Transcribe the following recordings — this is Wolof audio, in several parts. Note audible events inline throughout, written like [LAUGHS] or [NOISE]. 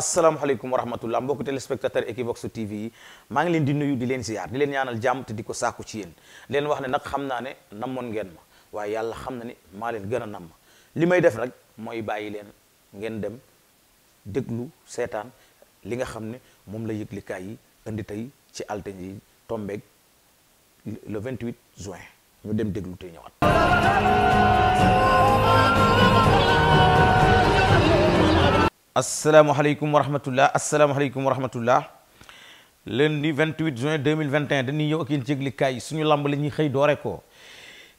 asalaamaaleykum wa rahmatullah mbokk téléspectateur Equivox TV yi maa ngi leen di nuyu di leen ziar di leen ñaanal jàmm te di ko sàkku ci yéen leen wax ne nag xam naa ne namoon ngeen ma waaye yàlla xam na ne maa leen gën a nam ma li may def rek mooy bàyyi leen ngeen dem déglu seetaan li nga xam ne moom la yëglikaay yi indi tey ci altine yi tombeeg le 28 juin ñu dem déglu tey ñëwaat asalaamaaleykum wa rahmatullah asalaamaaleykum wa rahmatullah lundi 28 juin 2021 dañuy ñëw ak yéen ci yëglikaay yi suñu lamb la ñuy xëy doore ko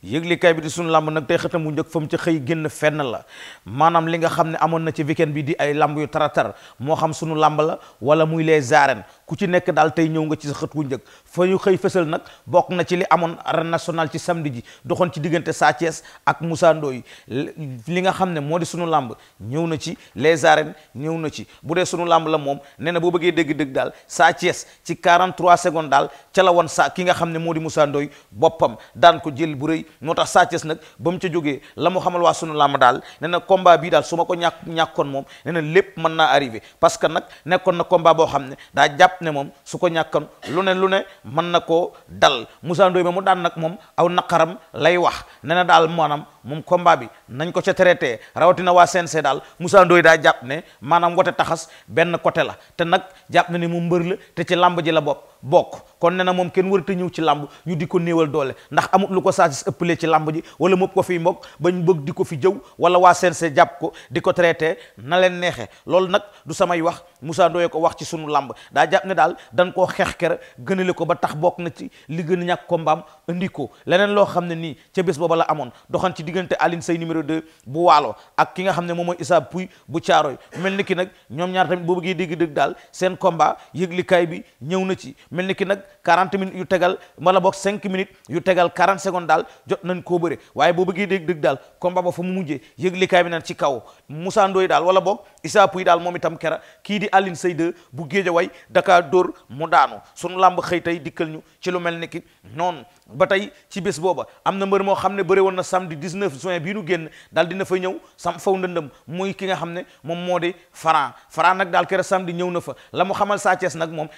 yëglikaay bi di suñu làmb nag tey xëtam mu njëkk fa mu ca xëy génn fenn la maanaam li nga xam ne amoon na ci weekend bi di ay làmb yu taratar moo xam suñu làmb la wala muy les arènes ku ci nekk daal tey ñëw nga ci sa xët wu njëkk fa ñu xëy fësal nag bokk na ci li amoon arène nationale ci samedi ji doxoon ci diggante Sa Thiès ak Moussa Ndoye li nga xam ne moo di suñu làmb ñëw na ci les arènes ñëw na ci bu dee sunu làmb la moom nee na boo bëggee dégg-dégg daal Sa Thiès ci 43 daal ca la woon sa ki nga xam ne moo di Moussa boppam daan jël moo tax Sa Thiès nag ba mu ca jógee la mu xamal waa sunu làmb daal ne na combat bii daal su ma ko ñàkk ñàkkoon moom ne na lépp mën naa arrivé parce que nag nekkoon na combat boo xam ne daa jàpp ne moom su ko ñàkkoon lu ne lu ne mën na koo dal Moussa ma mu daan nag moom aw naqaram lay wax ne na daal maanaam moom combat bi nañ ko ca traité rawatina waa CNC daal Moussa Ndoye daa jàpp ne maanaam wote taxas benn côté la te nag jàpp na ni mu mbër la te ci làmb ji la bopp bokk kon ne na moom kenn warta ñëw ci làmb ñu di ko néewal doole ndax amut lu ko saasis ëppalee ci làmb ji wala mëpp ko fiy mbokk bañ bëgg di ko fi jëw wala waa CNG jàpp ko di ko traité na leen neexe loolu nag du samay wax Moussa Ndoye ko wax ci sunu làmb daa jàpp ne daal dan koo xeex kere gënale ko ba tax bokk na ci li gën ñàkk ñàkk kombaam indi ko leneen loo xam ne nii ca bés booba la amoon doxan ci diggante Aline Sey numéro de bu waalo ak ki nga xam ne moom mooy Issa Pouy bu Caaroy mel ni ki ñoom ñaar tamit boo bëggee dégg dëgg daal seen combat yëglikaay bi ñëw na ci mel ni ki nag 40 minutes yu tegal mala boog 5 minutes yu tegal 40 secondes daal jot nañ koo bëre waaye boo bëggee dégg dëgg daal combat ba fa mu mujjee yëglikaay bi naan ci kaw Moussa Ndoye daal wala boog Issa Pouye daal moom itam kera kii di Aline Seyde bu way daka dóor mu daanu sunu làmb xëy tey dikkal ñu ci lu mel ni ki noonu ba tey ci bés booba am na mbër moo xam ne bëre woon na samedi 19 juin bii nu génn daal dina fa ñëw sam faw ndëndëm muy ki nga xam ne moom moo di faraa Franc nag daal kera samedi ñëw na fa la mu xamal Sa nag moom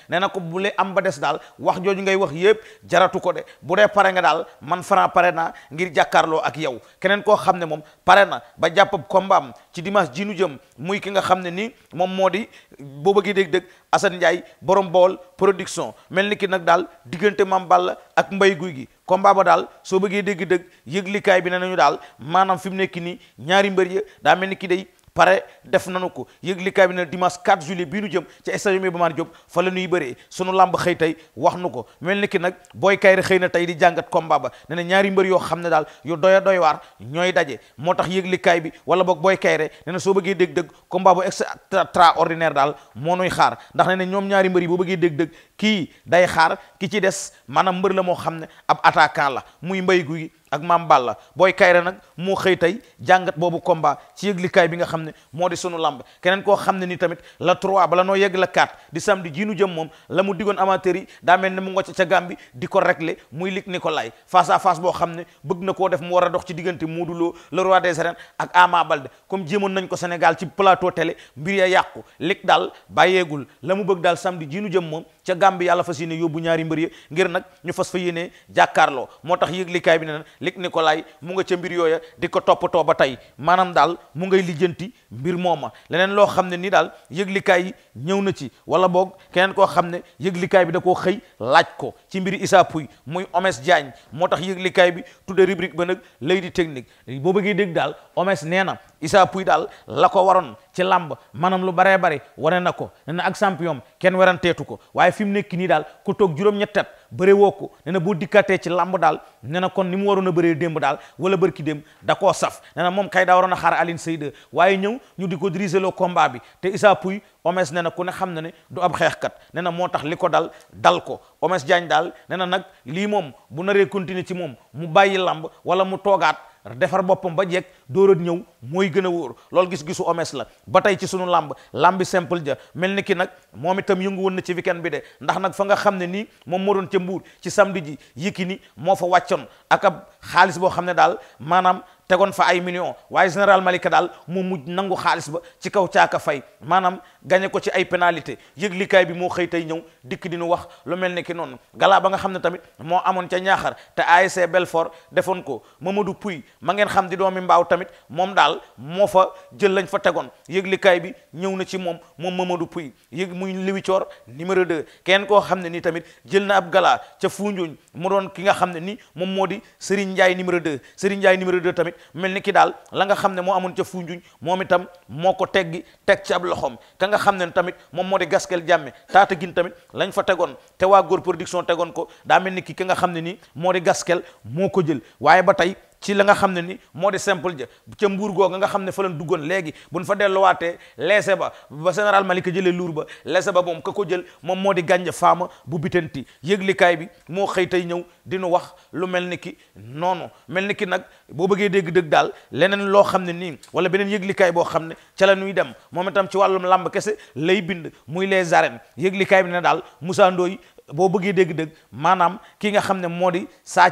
fa des daal wax jooju ngay wax yëpp jaratu ko de bu dee pare nga daal man Franc pare na ngir jàkkaarloo ak yow keneen koo xam ne moom pare na ba jàppab combat am ci dimanche ji nu jëm muy ki nga xam ne ni moom moo di boo bëggee dégg-dégg Assane Ndiaye borom bool production mel ni ki nag daal diggante mam Balla ak Mbaye Gouye gi combat ba daal soo bëggee dégg-dégg yëglikaay bi ne nañu daal maanaam fi mu nekk ñaari mbër daa mel ni ki day pare def nanu ko yëglikaay bi ne dimanche 4 juillet bii nu jëm ci stade Iba Mar Diop fa la nuy bëree sunu làmb xëy tey wax nu ko mel ni ki nag booy kayri xëy na tey di jàngat combat ba ne na ñaari mbër yoo xam ne daal yu doy a ñooy daje moo tax yëglikaay bi wala boog booy kayre ne soo bëggee dégg-dëgg combat bu extraordinaire daal moo nuy xaar ndax ne na ñoom ñaari mbër yi boo bëggee dégg-dëgg kii day xaar ki ci des maanaam mbër la moo xam ne ab attaquant la muy mbay guy ak maam Balla booy kayre nag moo xëy tey jàngat boobu combat ci yëglikaay bi nga xam ne moo di sunu lamb keneen koo xam ne ni tamit la 3 bala noo yegg la 4 di samedi jiinu jëm moom la mu digoon amateur yi daa mel ne mu ngocc ca Gàmbi di ko régler muy lig ni ko lay face boo xam ne bëgg na ko def mu war a dox ci diggante Modou Lo le roi des arènes ak Ama Baldé comme jéemoon nañ ko Sénégal ci plateau tele mbir ya yàqu lig daal bàyyeegul la mu bëgg daal samedi jiinu jëm moom ca Gàmbi yàlla fas yéene yóbbu ñaari mbër ya ngir nag ñu fas fa yéene jàkkaarloo moo tax yëglikaay bi ne na lig Nicolas mu nga ca mbir yooya di ko toppatoo ba tey maanaam daal mu ngay lijjanti mbir mooma leneen loo xam ne ni daal yëglikaay yi ñëw na ci wala boog keneen koo xam ne yëglikaay bi da koo xëy laaj ko ci mbir Issa Pouye muy Omes Diagne moo tax yëglikaay bi de rubrique ba nag lay di technique boo bëggee dégg daal Omes nee na Issa Pouye daal la ko waroon ci làmb maanaam lu baree bari wane na ko ne na ak champion kenn weranteetu ko waaye fi mu nekk nii daal ku toog juróom-ñetti at bëree woo ko ne na boo dikkatee ci làmb daal ne na kon ni mu waroon a bëree démb daal wala bërki démb da koo saf ne moom kay daa waroon a xaar Aline Seyde waaye ñëw ñu di ko diriger le bi te Issa Pouye Omes ne na ku ne xam na ne du ab xeexkat ne na moo tax li ko dal dal ko Omes Diagne daal nena nag lii moom bu naree continuer ci moom mu bàyyi làmb wala mu toogaat defar boppam ba jekk dóorat ñëw mooy gën a wóor lool gis-gisu omes la ba tey ci sunu làmb làmbi simple ja mel ni ki nag moom itam yëngu woon na ci weekend bi de ndax nag fa nga xam ne nii moom moo doon ca mbuur ci samedi ji Yékini moo fa wàccoon aka xaalis boo xam ne daal maanaam tegoon fa ay millions waaye général Malika daal moo mujj nangu xaalis ba ci kaw caaka fay maanaam gagné ko ci ay pénalité yëglikaay bi moo xëy tey ñëw dikk di nu wax lu mel ni ki noonu galaa ba nga xam ne tamit moo amoon ca ñaaxar te ASC Belfort defoon ko Mamadou Puy ma ngeen xam di doomi mbaaw tamit moom daal moo fa jël lañ fa tegoon yëglikaay bi ñëw na ci moom moom Mamadou Puy yëg muy liwi coor numéro 2 kenn koo xam ne nii tamit jël na ab galaa ca Foundiougne mu doon ki nga xam ne ni moom moo di Serigne Ndiaye numéro 2 Serigne numéro 2 tamit mel ni ki daal la nga xam ne moo amoon ca Foundiougne moom itam moo ko teggi teg ci ab loxoom ka nga xam ne tamit moom moo di Gaskel Jàmme taata gin tamit lañ fa tegoon te waa góor production tegoon ko daa mel ni ki ki nga xam ne nii moo di Gaskel moo ko jël waaye ba tey ci la nga xam ne ni moo di simple ja ca mbuur googa nga xam ne fa lañ duggoon léegi nu fa delluwaatee leese ba ba général Malika jëlee luur ba leese ba moom ka ko jël moom moo di gànja faama bu bitanti yëglikaay bi moo xëy tey ñëw dinu wax lu mel ni ki noonu mel ni ki nag boo bëggee dégg-dëgg daal leneen loo xam ne nii wala beneen yëglikaay boo xam ne ca la ñuy dem moom itam ci wàllum làmb kese lay bind muy les arènes yëglikaay bi ne daal Moussa boo bëggee dégg-dëgg maanaam ki nga xam ne moo di Sa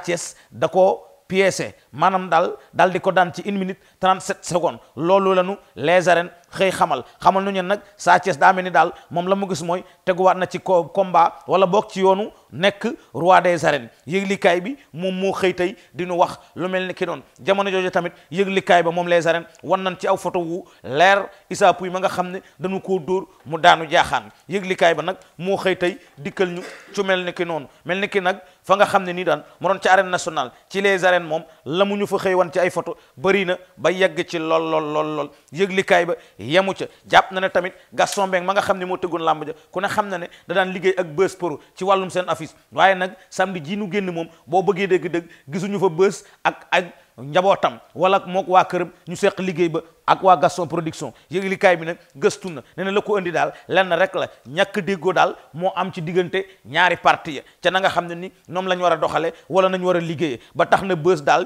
da koo pièce maanaam dal daal di ko daan ci une minute trente sept secondes loolu la ñu les arènes xëy xamal xamal nu ñeen nag Sa Thiès daa mel ni daal moom la mu gis mooy teguwaat na ci ko combat wala boog ci yoonu nekk roi des arènes yëglikaay bi moom moo xëy tey di nu wax lu mel ni ki noonu jamono jooju tamit yëglikaay ba moom les arènes wan nañ ci aw photo wu leer Issa Pouye ma nga xam ne dañu koo dóor mu daanu jaaxaan yëglikaay ba nag moo xëy tey dikkal ñu ci mel ni ki noonu mel ni ki nag fa nga xam ne nii daan mu doon ci arène nationale ci les arènes moom la mu ñu fa xëy wan ci ay photo bëri na ba yegg ci lool lool lool lool yëglikaay ba yemu ca jàpp na ne tamit Gaston Mbengue ma nga xam ne moo tëggoon làmb ja ku ne xam na ne da daan liggéey ak bës pro ci wàllum seen affiche waaye nag samedi ji nu génn moom boo bëggee dëgg-dëgg gisuñu fa bës ak ak njabootam wala mook waa këram ñu seq liggéey ba ak waa Gaston production yëglikaay bi nag gëstu na ne na la ko indi daal lenn rek la ñàkk déggoo daal moo am ci diggante ñaari parti ya ca na nga xam ne ni noom la ñu war a doxale wala nañu war a liggéeye ba tax na bës daal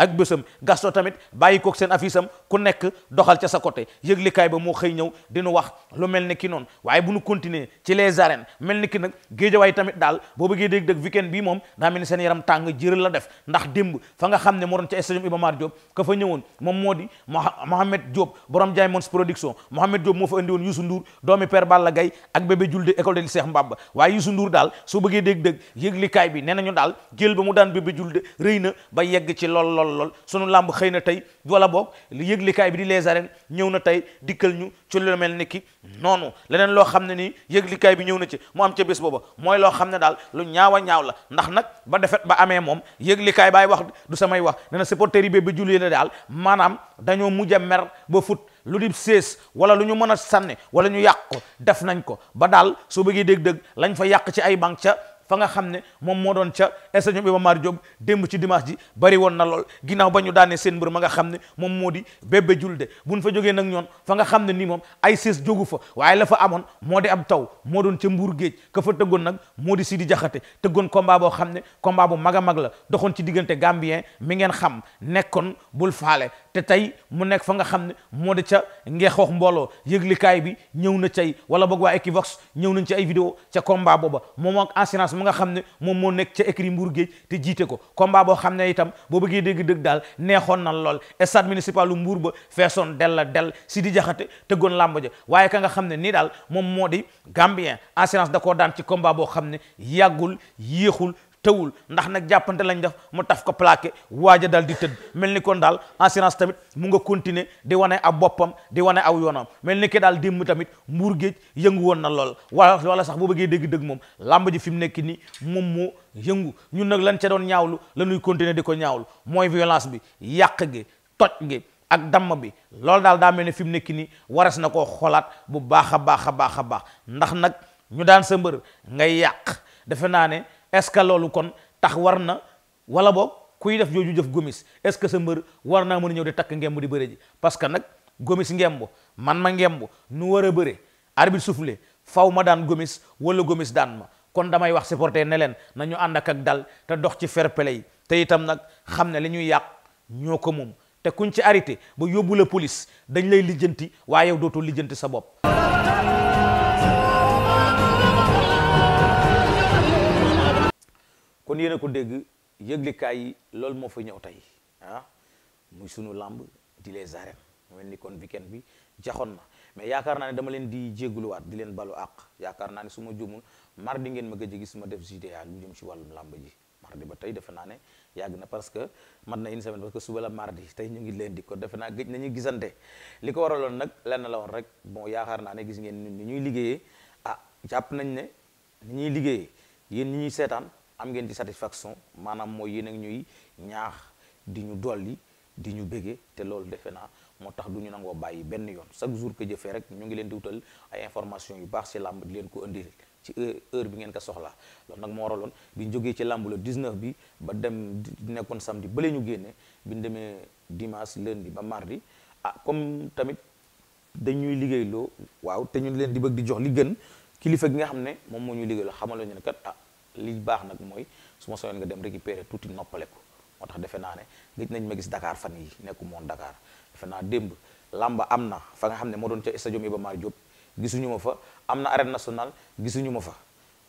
ak bésam Gaston tamit bàyyi kook seen affiche ku nekk doxal ca sa côté yëglikaay ba moo xëy ñëw dinu wax lu mel ni ki noonu waaye bu nu continuer ci les arènes mel ni ki nag géejawaay tamit daal boo bëggee dégg dëgg weekend bii moom daa mel ni seen yaram tàng jëral la def ndax démb fa nga xam ne moo doon ca stadium Iba Mar Diop ka ñëwoon moom moo di Mohamed Diop borom Jaay Mons production Mohamed Diop moo fa indi woon Youssou Ndour doomi per Balla Gaye ak bébé Julde école de Cheikh Mbaba waaye Youssou nduur daal soo bëggee dégg dëgg yëglikaay bi nee nañu daal jël ba mu daan bébé Julde rëy na ba yegg ci lool lool solo lool sunu làmb xëy na tey wala boog yëglikaay bi di les arènes ñëw na tey dikkal ñu ci lu mel ni ki noonu leneen loo xam ne nii yëglikaay bi ñëw na ci mu am ca bés booba mooy loo xam ne daal lu ñaaw a ñaaw la ndax nag ba defet ba amee moom yëglikaay baay wax du samay wax nee na supporter yi ba ba julli la daal maanaam dañoo mujj a mer ba fut lu di sées wala lu ñu mën a sànni wala ñu yàq ko def nañ ko ba daal soo bëggee dégg-dégg lañ fa yàq ci fa nga xam ne moom moo doon ca stade Iba Mar Diop démb ci dimanche ji bari woon na lool ginnaaw ba ñu daanee seen mbër ma nga xam ne moom moo di Bébé Diouldé buñ fa jogee nag ñoon fa nga xam ne nii moom ay sees jógu fa waaye la fa amoon moo di ab taw moo doon ca mbuur géej ka fa tëggoon nag moo di siidi Jaxate tëggoon combat boo xam ne combat bu mag a mag la doxoon ci diggante Gambien mi ngeen xam nekkoon bul faale te tey mu nekk fa nga xam ne moo di ca ngeexoox mbooloo yëglikaay bi ñëw na cay wala boog waa Equivox ñëw nañ ci ay vidéo ca combat booba mu nga xam ne moom moo nekk ca écrit Mbour te jiite ko combat boo xam ne itam boo bëggee dégg-dëgg daal neexoon na lool stade municipal lu Mbour ba feesoon del la del si di jaxate tëggoon làmb ja waaye ka nga xam ne nii daal moom moo di Gambien assurance da koo daan ci komba boo xam ne yàggul yéexul tëwul ndax nag jàppante lañ def mu taf ko plaqué waaja daal di tëdd mel ni kon daal assurance tamit mu nga continuer di wane ab boppam di wane aw yoonam mel ni ki daal démb tamit mbuur géej yëngu woon na lool wala wala sax boo bëggee dégg-dëgg moom làmb ji fi mu nekk nii moom moo yëngu ñun nag lan ca doon ñaawlu la ñuy continuer di ko ñaawlu mooy violence bi yàq gi toj gi ak damm bi loolu daal daa mel ni fi mu nekk nii waras na ko xoolaat bu baax a baax a baax a baax ndax nag ñu daan sa mbër ngay yàq defe naa ne est-ce que loolu kon tax war na wala boog kuy def jooju jëf gomis est-ce que sa mbër war naa mën a ñëw di takk ngemb di bëre ji parce que nag gomis ngemb man ma ngemb nu war a bëre arbitre soufflé faw ma daan gomis wala gomis daan ma kon damay wax supporter ne leen nañu ànd ak ak dal te dox ci fair play yi te itam nag xam ne li ñuy yàq ñoo ko moom te kuñ ci arrêté ba yóbbu la police dañ lay lijjanti waaye yow dootoo lijjanti sa bopp kon yéen a ko dégg yëglikaay yi loolu moo fa ñëw tey ah muy sunu làmb di les arènes mu mel ni kon weekend bi jaxoon na mais yaakaar naa ne dama leen di jégaluwaat di leen balu àq yaakaar naa ne su ma jumul ngeen ma gëj a gis ma def JDA lu jëm ci wàllum làmb ji mardi ba tey defe naa ne yàgg na parce que mat na une semaine parce que mardi tey ñu ngi leen di ko defe naa gëj gisante li ko waraloon nag lenn la woon rek bon yaakaar naa ne gis ngeen ni ñuy liggéeyee a ah, jàpp nañ ne ni ñuy liggéeyee yéen ñi ñuy seetaan am ngeen ci satisfaction maanaam mooy yéen a ñuy ñaax di ñu dolli di ñu bége te loolu defe naa moo tax du ñu nangoo bàyyi benn yoon chaque jour que jëfee rek ñu ngi leen di wutal ay information yu baax ci làmb di leen ko indi ci heure bi ngeen ko soxla loolu nag moo bi ñu jógee ci làmb le 19 bi ba dem nekkoon samedi bële ñu génne bi ñu demee dimanche lundi ba mardi ah comme tamit dañuy liggéey loo waaw te ñu leen di bëgg di jox li gën kilifa gi nga xam ne moom moo ñuy liggéey loo xamal ñu ne kat ah li baax nag mooy su ma soñoon nga dem récupérer tuuti noppale ko moo tax defe naa ne gëj nañ ma gis Dakar fan yi nekku moon dakaar defe naa démb lamba am na fa nga xam ne moo doon ca stadium Iba Mar Diop gisuñu ma fa am na arène nationale gisuñu ma fa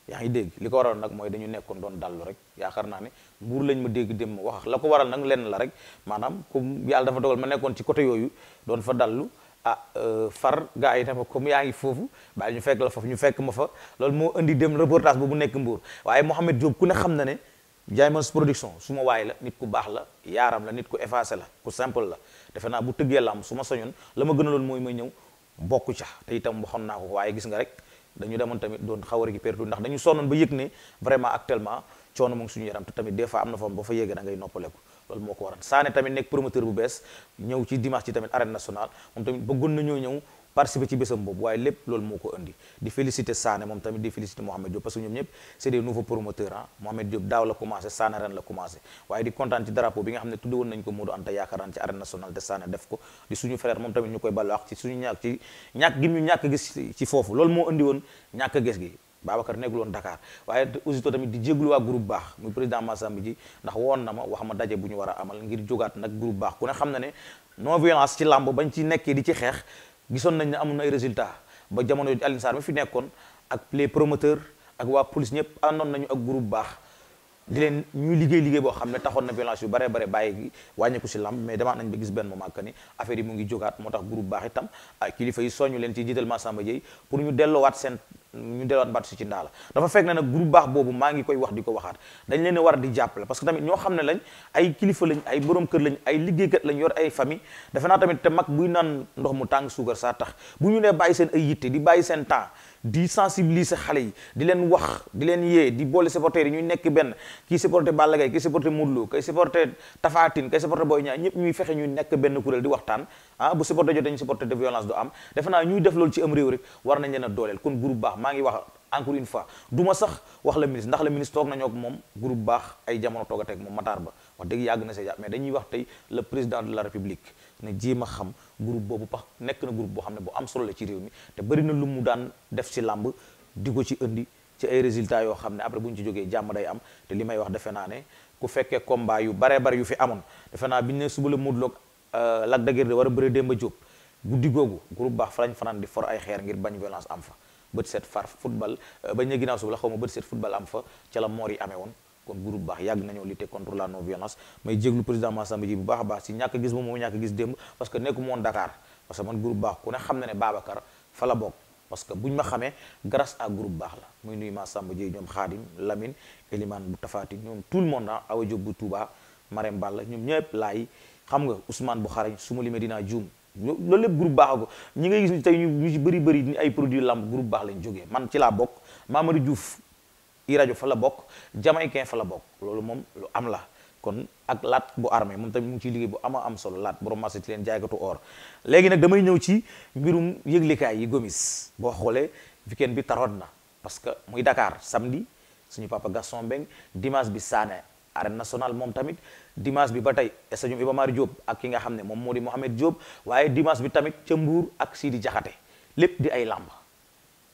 yaa ngi dégg li ko waral nag mooy dañu nekkoon doon dallu rek yaakaar naa ne mbuur lañ ma dégg dem ma wax la ko waral nag lenn la rek maanaam comme yàlla dafa dogal ma nekkoon ci côté yooyu doon fa dallu ah euh, far gaa yi tamit comme yaa ngi foofu bàyyi ñu fekk la foofu ñu fekk ma fa loolu moo indi dem reportage boobu nekk Mbour waaye Mouhamed Diop ku ne xam na ne Diamans production su ma waaye la nit ku baax la yaaram la nit ku fac la ku simple la defe naa bu tëggee lam su ma soñoon la ma gënaloon mooy may ñëw mbokku ca te itam waxoon naa ko waaye gis nga rek dañu demoon tamit doon xaw a récupéré du ndax dañu sonnoon ba yëg ne vraiment actuellement coono mu ngi suñu yaram te tamit des fois na foofu ba loolu moo ko waral Sané tamit nekk promoteur bu bees ñëw ci dimanche ci tamit arène nationale moom tamit bëggoon na ñoo ñëw participer ci bésam boobu waaye lépp loolu moo ko indi di féliciter Sané moom tamit di féliciter Mohamed Diop parce que ñoom ñëpp c'est des nouveaux promoteurs di kontaan ci drapeau bi nga xam ne tudde woon nañu ko Modou Anta yaakaaraan ci arène nationale de Sané def ko di suñu frère moom tamit ñu koy ballu ci suñu ñàkk gi ñu ñàkk gis ci foofu loolu moo indi woon ñàkk gis gi Babacar ka woon dakaar waaye aussitôt tamit di jéglu waa groupe baax mu président Massamba ji ndax woon na ma wax ma daje bu ñu war a amal ngir jógaat nag groupe baax ku ne xam na ne non violence ci làmb bañ ci nekkee di ci xeex gisoon nañ ne amoon ay résultat ba jamono yooyu Alioune Sarr mi fi nekkoon ak les promoteurs ak waa police ñëpp àndoon nañu ak groupe baax di leen ñu liggéey liggéey boo xam ne taxoon na violence yu bare bare bàyyi wàññeeku si lamb mais demaat nañ ba gis benn moment que ni affaire yi mu ngi jógaat moo tax groupe baax itam kilifa yi soñu leen ci jiital Massamba Dieye pour ñu delloowaat seen ñu delloowaat mbatt ci ndaa dafa fekk ne nag groupe baax boobu maa wax di ko waxaat dañ leen war di jàppale parce que tamit ñoo xam ne lañ ay kilifa lañ ay borom kër lañ ay liggéey liggéeykat lañ yor ay famille dafa naa tamit te mag buy naan ndox mu tàng suukar saa tax bu ñu nee bàyyi seen ay yitte di bàyyi seen temps di sensibiliser xale yi di leen wax di leen yee di boole supporter yi ñuy nekk benn kii supporter Balla Gaye kii supporter Modou Lô kay supporter Tapha Tine kay supporter Boy Niang ñëpp ñuy fexe ñuy nekk benn kuréel di waxtaan ah bu supporter jotee ñu supporter de violence du am defe naa ñuy def loolu ci am réew rek war nañ leen a dooleel kon groupe baax maa ngi wax encore une fois du ma sax wax la ministre ndax la ministre toog nañoo ak moom groupe baax ay jamono toogatee ak moom Matar Ba wax yàgg na see mais dañuy wax tey le président de la république na jii a xam groupe boobu pax nekk na group boo xam ne bu am solo la ci réew mi te bëri na lu mu daan def ci làmb di ko ci indi ci ay résultat yoo xam ne après bu ñu ci jogee jàmm day am te li may wax defe naa ne ku fekkee combat yu baree bari yu fi amoon defe naa bi ne suba la Modou Lo ak euh, Lac de wara de war a bëre Demba Diop guddi googu groupe baax fa lañ fanaan di for ay xeer ngir bañ violence am fa bët set far football euh, bañ ne ginnaaw suba la xaw ma bët set football am fa ca la moor yi amee woon kon groupe baax yàgg nañoo lutter contre la non violence may jéglu président Massamba ji bu baax a baax si ñàkk gis ba moom ñàkk gis démb parce que nekku moon Dakar parce que man groupe baax ku ne la bokk parce ma xamee grâce à groupe baax la muy nuyu Massamba ji ñoom Xaadim Lamine Elimane bu Tafaati ñoom tout le monde ah Awa Diop bu Touba Marème Balla ñoom ñëpp laay xam nga Ousmane bu ma dinaa loolu lépp groupe baax ko ñi ngay gis tey ñu ñu bëri bëri ni ay produit lamb baax lañ jógee man ci laa bokk Mamadou Diouf kii rajo fa la bokk jamaïcain fa la bokk loolu moom lu am la kon ak laat bu armee moom tamit mu ngi ciy liggéey bu ama am solo laat borom marché ci leen jaaykatu or léegi nag damay ñëw ci mbirum yëglikaay yi gomis boo xoolee weekend bi taroon na parce que muy Dakar samedi suñu papa Gaston Mbengue dimanche bi Sané arène national moom tamit dimanche bi ba tey stade Iba Mar Diop ak ki nga xam ne moom moo di Mohamed Diop waaye dimanche bi tamit ca mbuur ak Sidi di ay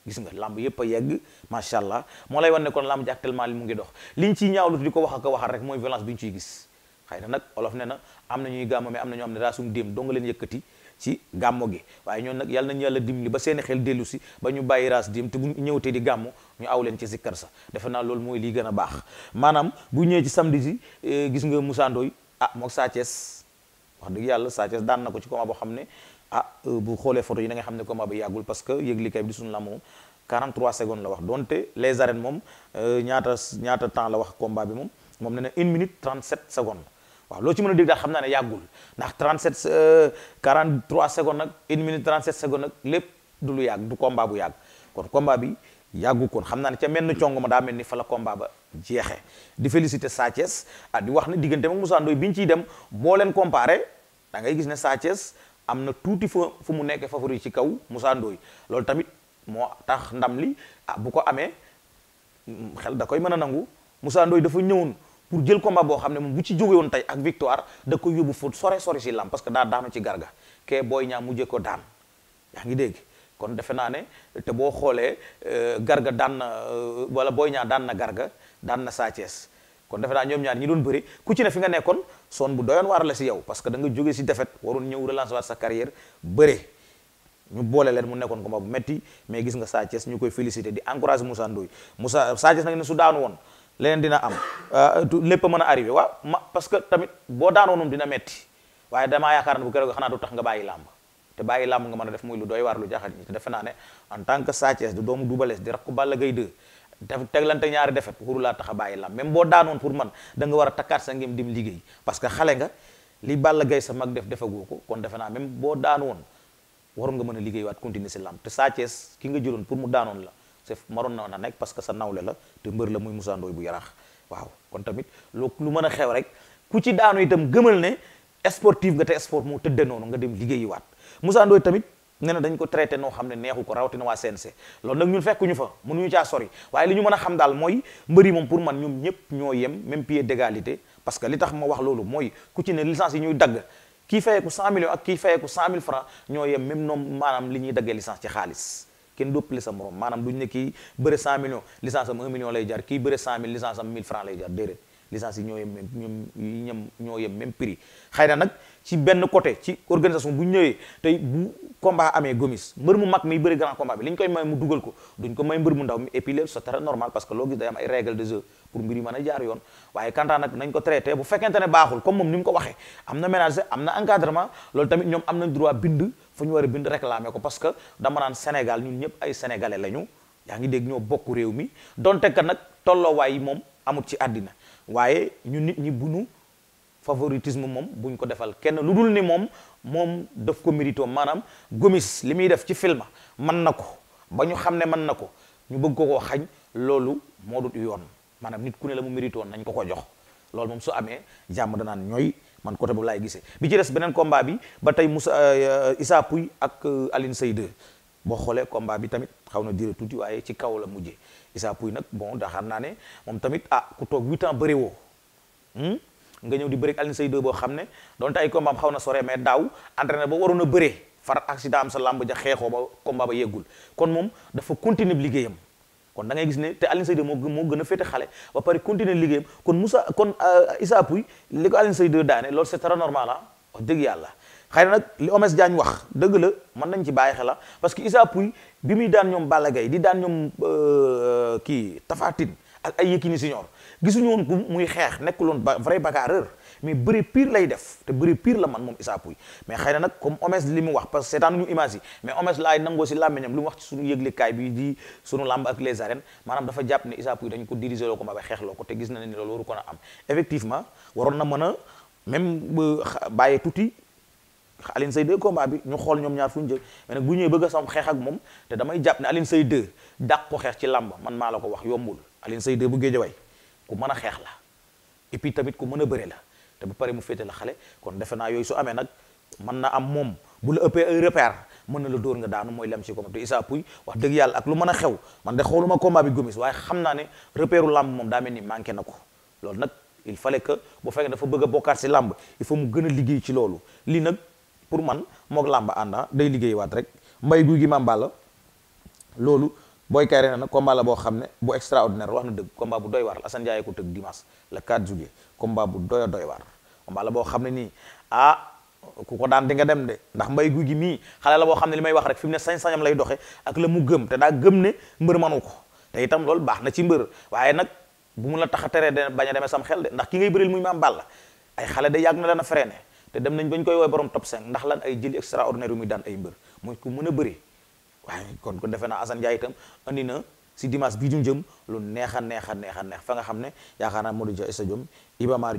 gis nga lamb yëpp a yegg macha allah moo lay wan ne kon lamb ji actuellement li mu ngi dox liñ ciy ñaawlu di ko wax ak waxal rek mooy violence bi ñu ciy gis xëy na nag olof ne na am na ñuy gàmmo am na ñoo xam ne daa suñu déem yëkkati ci gàmmo gi waaye ñoon nag yàlla nañu yàlla dimbali ba seeni xel dellu ba ñu bàyyi raas dim te bu ñëwtee di gàmmu ñu aw leen ci sikkar sa defe naa loolu mooy lii gën a baax maanaam bu ñëwee ci samedi si wax dëgg yàlla Sa Thiès daan na ko ci combat boo xam ne ah euh, bu xoolee photo yi da xam ne combat bi yàggul parce que yëglikaay bi di suñu la moom 43 secondes la wax donte les arènes moom euh, ñaata ñaata temps la wax combat bi moom moom nee na 1 minute 37 secondes waaw loo ci mën a dégg daal xam naa ne yàggul ndax 37 43 euh, secondes nag 1 minute 37 secondes nag lépp du lu yàgg du komba bu yàgg yàggu koon xam naa ne ca menn cong ma daa mel ni fala komba combat ba jeexe di féliciter Sa Thiès ah di wax ne diggante ak Moussa Ndoye bi ñu ciy dem boo leen comparé da ngay gis ne Sa am na tuuti fa fu mu nekk favori ci kaw Moussa Ndoye loolu tamit moo tax ndam li ah bu ko amee mm, xel da koy man a nangu Moussa Ndoye dafa ñëwoon pour jël combat boo xam ne moom bu ci jóge woon tey ak victoire da koy yóbbu fu sore sore si lam parce que daa daanu ci garga kee booy ñaa mujje ko daan yaa ngi dégg kon defe naa ne te boo xoolee euh, garga daan na euh, wala booy Niang daan na garga daan na Sa Thiès kon defe naa ñoom ñaar ñi doon bëri ku ci ne fi nga nekkoon son bu doyoon waar la si yow parce que da nga jóge si défaite waroon ñëw relance waat sa carrière bëre ñu boole leen mu nekkoon ko combat bu metti mais gis nga Sa Thiès ñu koy féliciter di encourager Moussa Ndoye Moussa Sa Thiès nag ne su daanu woon leneen dina am euh, lépp mën a arrivé waaw ma parce que tamit boo daanoonum dina metti waaye damaa yaakaar ne bu keroog xanaa du tax nga bàyyi làmb te bàyyi làmb nga mën a def muy lu doy waar lu jaaxal ñi te defe naa ne en tant que Sa Thiès du defet wuru laa tax a bàyyi làmb même boo daanoon pour man da nga war a takkaat sa ngëm que xale nga li Balla Gaye sa mag def defagoo ko kon defe naa même boo daanoon waroon nga mën a liggéey waat continuer si làmb ki nga jëloon pour mu daanoon la c'est maroon na na parce que sa nawle la te mbër la muy Moussa Ndoye bu yaraax waaw kon tamit lu lu mën a xew rek ku ci daanu itam gëmal ne sportif nga te sport moo tëdde noonu nga dem liggéeyi waat Moussa Ndoye tamit nee dañ ko traité noo xam ne neexu ko rawatina waa CNC loolu nag ñun fekkuñu fa mënuñu caa sori waaye li ñu mën a xam daal mooy mbëri moom pour man ñoom ñëpp ñoo yem même pied d'égalité parce que li tax loolu mooy ku ci ne licence yi ñuy dagg kii fayeeku 100 millions ak kii fayeeku 100 000 francs ñoo yem même noom maanaam li ñuy daggee licence ci xaalis kenn doppale morom maanaam duñ ne kii bëre 100 millions licence am 1 million lay jar kii bëre 100 000 licence am 1000 francs lay jar déedéet licence ñoo yem même ñoom ñoo yem même na nag ci benn côté ci organisation bu ñëwee tey bu combat amee gomis mbër mu mag miy bëri grand combat bi li koy may mu dugal ko duñ ko may mbër mu ndaw mi et puis lépp normal parce que loo gis day am ay règles de jeu pour mbir yu a jaar yoon waaye kantaan nag nañ ko traité bu fekkente ne baaxul comme moom ni mu ko waxee am na ménage am na encadrement loolu tamit ñoom am nañ droit bind fu ñu war a bind réclamer ko parce que dama naan Sénégal ñun ñëpp ay sénégalais lañu yaa ci àddina waaye favoritisme moom buñ ko defal kenn lu dul ni moom moom daf ko mérito maanaam Gomis li muy def ci film man na ko ba ñu xam ne mën na ko ñu bëgg ko ko xañ loolu moo dut yoon maanaam nit ku ne la mu mérito nañ ko ko jox loolu moom su amee jàmm danaan ñooy man côté bu laay gisee bi ci des beneen combat bi ba tey Moussa euh, Issa ak euh, Aline Seyde boo xoolee combat bi tamit xaw na dire tuuti waaye ci kaw la mujje Issa Pouye nag bon daxaar naa ne moom tamit ah ku toog huit ans nga ñëw di bëre ak Alioune boo xam ne donte ay combat am xaw na sore mais daaw entraîné ba waroon a bëree far accident am sa làmb ja xeexoo ba combat ba yeggul kon moom dafa continuer liggéeyam kon da ngay gis ne te Alioune Seye moo gën a féete xale ba pare continuer liggéeyam kon Moussa kon euh, Issa Pouye li ko Alioune Seye 2 daane lool c'est très normal ah dëgg yàlla xëy na nag li Omes Diagne wax dëgg la mën nañ ci bàyyi xel ah. parce que Issa Pouye bi muy daan ñoom Balla Gaye di daan ñoom euh, kii Tapha Tine ak ay Yékini senior gisuñu woon ko muy xeex nekkul woon ba vrai bagarreur mais bëri piir lay def te bëri piir la man moom Issa Pouye mais xëy na nag comme Omes li mu wax parce que seetaanu ñu image yi mais Omes laay nangoo si wax ci suñu yëglekaay bi di suñu làmb ak les arènes maanaam dafa jàpp ne Issa Pouye dañ ko diriger loo ko mbaa xeex loo ko te gis na ne loolu waru a na am effectivement waroon na mën a même bàyyi tuuti Aline Seye 2 combaa bi ñu xool ñoom ñaar fu ñu jëm mais nag bu ñëwee bëgg a sam xeex ak moom te damay jàpp ne Aline Seye 2 dàq ko ci làmb man maa la ko wax yombul Alioune Seye de bu Géejawaay ku mën a xeex la et tamit ku mën a bëre la te bu pare mu féete la xale kon defe naa yooyu su amee nag mën na am moom bu la ëppee ay mën na la dóor nga daanu mooy lem ci combat te Issa Pouye wax dëgg yàlla ak lu mën a xew man de xooluma combat bi gomis waaye xam naa ne repère làmb moom daa mel ni manqué na ko loolu nag il fallait que bu fekkee dafa bëgg a bokkaat si làmb il faut mu gën a liggéey ci loolu lii nag pour man moog làmb ànda ah, day liggéey rek mbay gi màmba la Boy na nag combat la boo xam ne bu extraordinaire wax na dëgg combat bu doy waar Assane Ndiaye ko tëgg dimanche la 4 juillet combat bu doy doy waar combat la boo xam ne nii ah ku ko daan di nga dem de ndax mbay guy gi mii xale la boo xam ne li may wax rek fi mu ne sañ-sañam lay doxe ak la mu gëm te daa gëm ne mbër manu ko te itam loolu baax na ci mbër waaye nag bu mu la tax a teree de bañ a demee sam xel de ndax ki ngay bëril muy maam Balla ay xale de na leen a freiné te dem nañ bañ koy woowee borom top 5 ndax lan ay jëli extraordinaire yu muy daan ay mbër mooy ku mën a bëri waaye kon kon defe naa Assane Ndiaye itam andi na si dimanche bi ñu jëm lu neex a neex a neex neex fa nga xam ne yaakaar naa Modou Dia stadium Iba Mar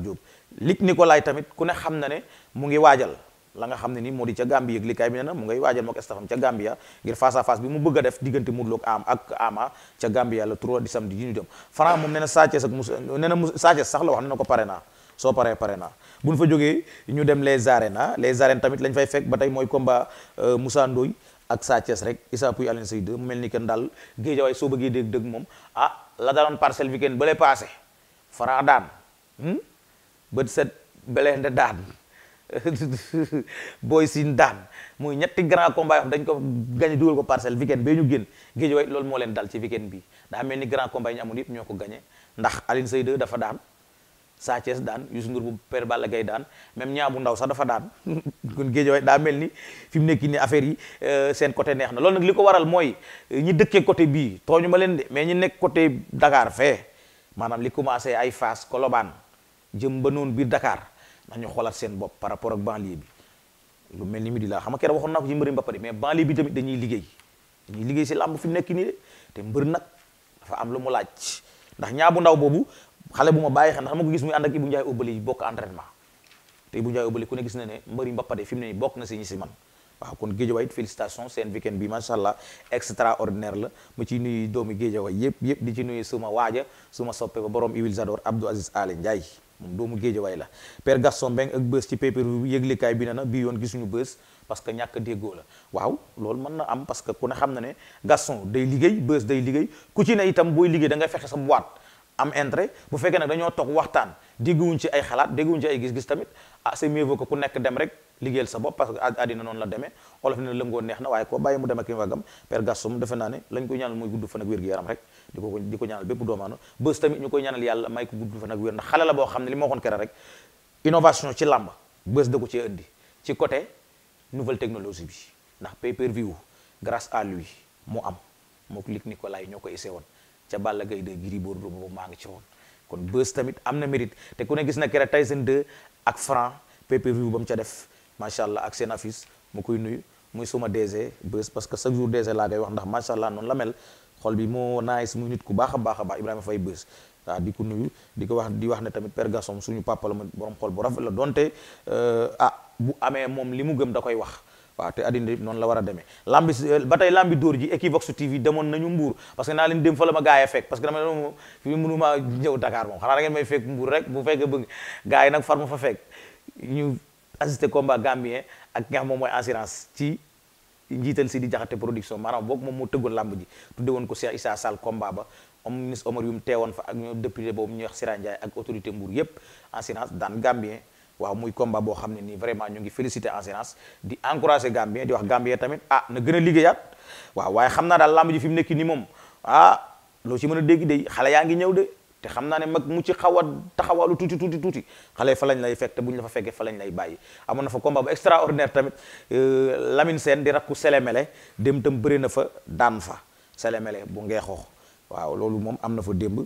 ni ko laay tamit ku ne xam na ne mu ngi waajal la nga xam ne ni moo di ca Gambie yëg likaay bi ne na mu ngay waajal mook stafam ca Gambia ngir face a def diggante Modou Lo ak am ak Ama ca Gambia le 3 di samedi moom na Sa Thiès ak Moussa nee na Sa Thiès sax la wax ne na ko pare naa soo paree pare naa bu ñu fa jógee ñu dem les arènes ah, les arènes tamit lañ fay fekk ba tey mooy combat euh, musaa Ndoye ak Sa Thiès rek Issa Pouye Alioune Seye 2 mu mel ni kenn daal géejawaay soo bëggee dégg dëgg moom ah la daloon parcelle weekend ba lay passé fara hmm? bët set beleende daan [LAUGHS] booy sin daan muy ñetti grand combat yoo xam dañ ko gagné dugal ko parcelle weekend bee ñu génn géejawaay lool moo leen dal ci weekend bi daa mel ni grand combat yi ñu amoon yëpp ñoo ko gagné ndax Alioune Seye 2 dafa daan Sa daan Youssou Ndour bu Père Balla Gaye daan même ñaa bu ndaw sax dafa daan [LAUGHS] kon géejawaay daa mel ni fi mu nekk nii affaire yi euh, seen côté neex na loolu nag li ko waral mooy euh, ñi dëkkee côté bii tooñu ma leen de mais ñi nekk côté Dakar fee maanaam li commencé ay Fass Colobane jëm ba noonu biir Dakar nañu xoolaat seen bopp par rapport ak banlieue bi lu mel ni midi laa xam nga keroog waxoon naa ko ci mbëri ba pare mais banlieue bi tamit dañuy liggéey dañuy liggéey si làmb fi mu nekk nii te mbër nag dafa am lu mu laaj ndax ñaa bu ndaw boobu xale bu ma bàyyi xel ndax ma ko gis muy ànd ak Ibou Ndiaye Obali bokk entraînement te Ibou Ndiaye Obali ku ne gis na ne mbëri mbappade fi mu ne nii bokk na si ñi si man waaw kon Géejawaay it félicitation seen weekend bi macha la mu ci nuyu doomi Géejawaay yëpp yëpp di ci nuyu suma waaja suma soppe ba borom Iwil Zador Abdou Aziz Ale Ndiaye moom doomu Géejawaay la Père Gaston Mbengue ak bës ci paper kaay bi na na bii yoon gisuñu bës parce que ñàkk déggoo la waaw loolu mën na am parce que ku ne xam na ne Gaston day liggéey bës day liggéey ku itam booy liggéey da ngay fexe sa boîte am intérêt bu fekkee nag dañoo toog waxtaan dégguwuñ ci ay xalaat dégguwuñ ci ay gis-gis tamit ah c'est mieux vaut que ku nekk dem rek liggéeyal sa bopp parce que àddina noonu la demee olof ne lëngoo neex na waaye ko bàyyi mu dem ak i wàggam père defe naa ne lañ ko ñaanal mooy gudd fan ak wér gi yaram rek di ko di ko ñaanal bépp doomaano bés tamit ñu koy ñaanal yàlla may ko gudd fan ak wér ndax xale la boo xam ne li ma waxoon rek innovation ci làmb bés ko cee ci côté nouvelle technologie bi ndax pay per view grâce à lui mu am moo ko lig ñoo ko essayé woon ca Balla Gaye 2 Gris Bordeaux boobu maa ngi ci woon kon bës tamit am na mérite te ku ne gis na kera seen 2 ak Franc PPV ba mu ca def macha allah ak seen affiche mu koy nuyu muy suma DG bës parce que chaque jour DG laa koy wax ndax macha allah noonu la mel xol bi moo naagis muy nit ku baax a baax a baax Ibrahima Faye bës waaw di ko nuyu di ko wax di wax ne tamit Père Gasson suñu papa la ma borom xol bu rafet la donte euh, ah bu amee moom li mu gëm da koy wax waaw te addina noonu la war a deme lambi ba tey lambi dóor ji Equivox TV demoon nañu mbuur parce que naa leen dem fa la ma gaay a fekk parce que dama ne fi mënuma ñëw Dakar moom xanaa da rek bu fekkee bëgg gaay yi nag far ma fa fekk ñu assisté combat gambien ak nga moom mooy assurance ci njiital si di jaxate production maanaam boog moom moo tëggoon lamb ji tudde woon ko Cheikh Issa Sall combat ba om ministre Omar yu teewoon fa ak ñoo député boobu ñuy wax Sira Ndiaye ak autorité mbuur yépp assurance daan gambien waaw muy combat boo xam ne nii vraiment ñu ngi féliciter en séance di encourager Gambien di wax Gambien tamit ah na gën a liggéeyaat waaw waaye xam naa daal lamb ji fi mu nekk nii moom ah loo ci mën a dégg de xale yaa ngi ñëw de te xam naa ne mag mu ci xaw a taxawalu tuuti tuuti tuuti xale fa lañ lay fekk te bu ñu la fa fekkee fa lañ lay bàyyi amoon na fa combat bu extraordinaire tamit euh, Lamine Sène di rakku Selemele dem tam bëri na fa daan fa Selemele bu ngeexoox waaw loolu moom am na fa démb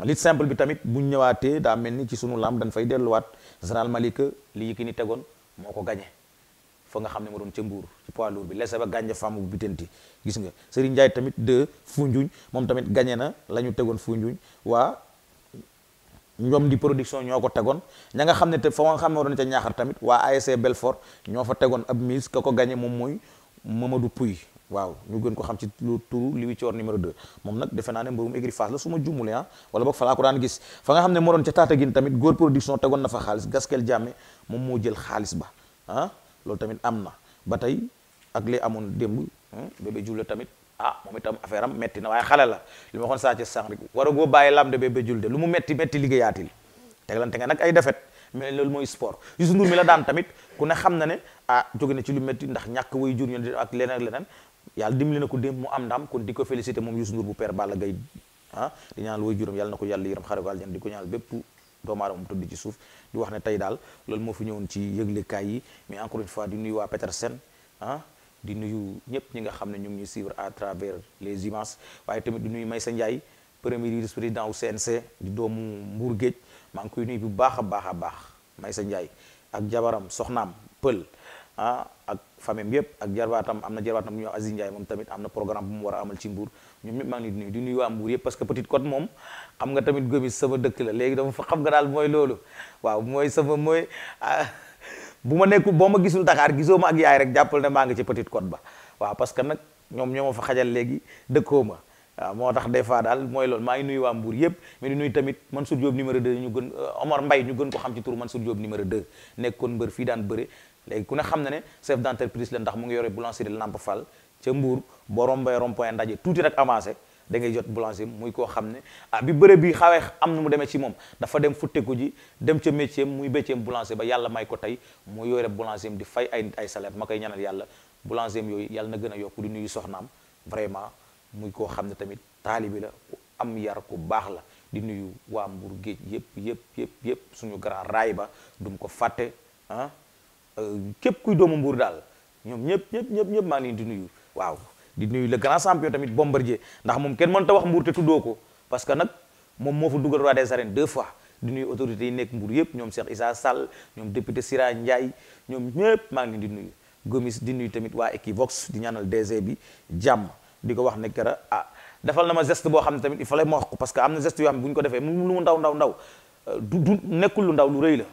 lit simple bi tamit bu ñëwaatee daa mel ni ci sunu lamb dañ fay delluwaat général Malick ki Yékini tegoon moo ko gañe fa nga xam ne ma doon ca mbuur ci bi lese ba gànja femme bu bitanti gis nga Serigne Ndiaye tamit de Foundiougne moom tamit gañe na la ñu tegoon Foundiougne waa ñoom di production ñoo ko tegoon ña nga xam ne te fa xam ne doon ca ñaaxar tamit waa ASC Belfort ñoo fa tegoon ab miis ka ko gañe moom mooy Mamadou Pouy waaw ñu gën ko xam ci lu turu li wi ci war numéro 2 moom nag defe naa ne mbarum écurie Fass la su ma jumule ah wala boog fa laa ko daan gis fa nga xam ne moo doon ca Tataguine tamit góor production tegoon na fa xaalis gaskel jàmme moom moo jël xaalis ba ah loolu tamit am na ba tey ak li amoon démb hmm, bébé jul tamit ah moom itam affaire am metti na waaye xale la li ma waxoon saa ci sànq rek waragoo bàyyi lam de bébé jul de lu mu metti metti liggéeyaatil teglante nga nag ay defet mais loolu mooy sport Youssou Ndour mi la daan tamit ku ne xam na ne ah jóge na ci lu métti ndax ñàkk way jur ñu ak leneen ak leneen yàlla dimbali na ko démb mu am ndam kon di ko félicité moom Youssou Ndour bu père Balla Gaye ah di ñaanal way juram yàlla na ko yàlla yërëm xare ko aljanna di ko ñaanal bépp doomu aadama mu tëdd ci suuf di wax ne tey daal loolu moo fi ñëwoon ci yëglekaay yi mais encore une fois di nuyu waa Petersen ah, di nuyu ñëpp ñi nga xam ne ñu ngi ñuy suivre à travers les images waaye tamit nuyu Maysa Ndiaye premier vice président wu CNC di doomu Mbour Géej maa ngi koy nuyu bu baax a baax a baax Maysa Njaay ak jabaram soxnaam pël ah ak famem yëpp ak jarbaatam am na jarbaatam bu ñuy wax Aziz Ndiaye moom tamit am na programme bu mu war a amal ci Mbour ñoom ñëpp maa ngi nuyu di nuyu waa Mbour yëpp parce que la léegi dama fa xam nga daal mooy loolu waaw mooy sama mooy ah, bu ma nekku boo ma gisul Dakar gisoo ma ak yaay rek jàppal ne maa ngi ci Petite Côte ba waaw parce que nag ñoom ñoo ma fa xajal léegi dëkkoo ma waaw moo tax des fois daal mooy lool maa ngi nuyu waa Mbour yëpp mais di nuyu tamit Mansour Diop numéro 2 ñu gën euh, Omar Mbaye ñu gën ko xam ci turu Mansour Diop numéro 2 nekkoon mbër fii daan bëre léegi ku ne xam na ne chef d'entreprise la ndax mu ngi yore boulangerie Lamp Fall ca Mbour boo rombee rond ndaje tuuti rek avancé da ngay jot boulanger muy koo xam ne ah bi bëre bi xawee am na mu demee ci moom dafa dem futteku ji dem ca métier muy bécceem boulanger ba yàlla may ko tey mu yore boulanger di fay ay ay salaire ma koy ñaanal yàlla boulanger yooyu yàlla na gën a yokku di nuyu soxnaam vraiment muy koo xam ne tamit taalibi la ku am yar ku baax la di nuyu waa Mbour géej yëpp yëpp yëpp suñu grand raay ba dum ko fàtte ah euh, képp kuy doomu Mbour daal ñoom ñëpp ñëpp ñëpp ñëpp maa ngi leen di nuyu waaw di nuyu le grand champion tamit Bombardier ndax moom kenn mën ta wax Mbour te tuddoo ko parce que nag moom moo fa dugal roi des arènes fois di nuyu autorités yi nekk Mbour yëpp ñoom Cheikh Issa Sall ñoom député Sira Ndiaye ñoom ñëpp maa ngi di nuyu Gomis di nuyu tamit waa Equivox di ñaanal DG bi jàmm di ko wax ne kera ah defal na ma geste boo xam ne tamit il fallait ma wax ko parce am na geste yoo xam bu ñu ko defee mu lu ndaw ndaw ndaw nekkul lu ndaw la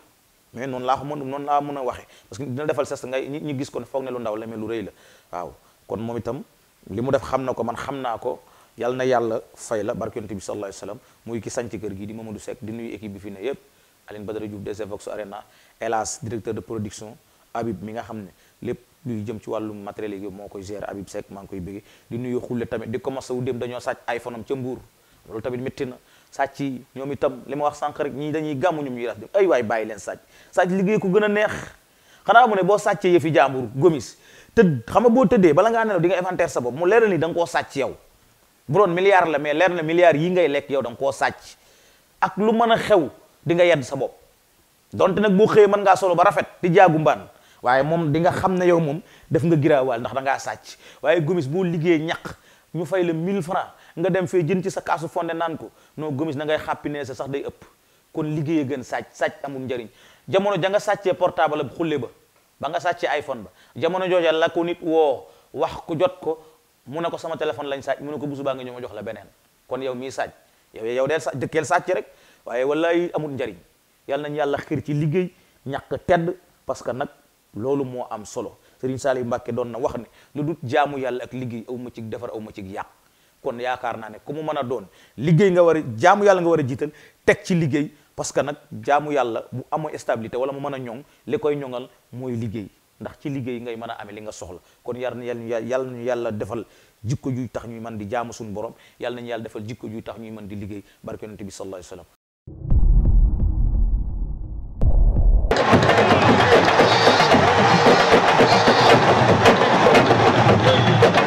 mais noonu laa ko mën noonu laa mën a waxee parce que dina defal geste ngay ñi gis ko ne foog ne lu ndaw la mais lu rëy la waaw kon moom itam li mu def xam na ko man xam naa ko yàlla na yàlla fay la barke yonent bi sallallahu alayhi wasallam muy ki sanc kër gi di Mamadou sekk di nuyu équipe bi fi ne yépp Aline Badara Diouf de Vox Arena hélas directeur de production Habib mi nga xam ne lépp luy jëm ci wàllum matériel yi moo koy gérer Habib Seck maa ngi koy bëgge di nuyu xulle tamit di commencé wu dem dañoo sàcc iPhone am ca Mbuur loolu tamit métti na sàcc yi ñoom itam li ma wax sànq rek ñii dañuy gàmmu ñum ñuy ras dem ay waay bàyyi leen sàcc sàcc liggéey ko gën a neex xanaa mu ne boo sàccee yëfi jaambur gomis tëdd xam nga boo tëddee bala ngaa nelaw di nga inventaire sa bopp mu leeral ni da nga koo sàcc yow bu la mais leer na milliard yi ngay lekk yow da nga koo sàcc ak lu mën a xew di nga yedd sa bopp donte nag boo xëyee mën ngaa solo ba rafet di jaagu mbaan waaye moom di nga xam ne yow moom def nga giraawaal ndax da ngaa sàcc waaye gomis boo liggéey ñaq ñu fay la 1000 francs nga dem fee jën ci sa kaasu fonde naan ko non gomis da ngay xàppi ne sa sax day ëpp kon liggéey gën sàcc sàcc amul njariñ jamono ja nga sàccee portable ab xulle ba ba nga sàccee iPhone ba jamono jooja la ko nit woo wax ko jot ko mu ne ko sama téléphone lañ sàcc mu ne ko bu subaa nga ñëw ma jox la beneen kon yow mii sàcc yow yow deel sa dëkkeel sàcc rek waaye wallaay njariñ yàlla nañ liggéey ñàkk tedd parce que nag loolu moo am solo Serigne Saliou Mbacké doon na wax ne lu dut jaamu yàlla ak liggéey aw ma ci defar aw ma ci yàq kon yaakaar naa ne ku mu mën a doon liggéey nga war a jaamu yàlla nga war a jiital teg ci liggéey parce que nag jaamu yàlla mu amoo stabilité wala mu mën a ñoŋ li koy ñoŋal mooy liggéey ndax ci liggéey ngay mën a ame li nga soxla kon yar na yàlla nañu yàlla defal jikko juy tax ñuy mën di jaamu suñu borom yàlla nañu yàlla defal jikko juy tax ñuy mën di liggéey barke yonent bi sallallahu alayhi wasallam Thank you.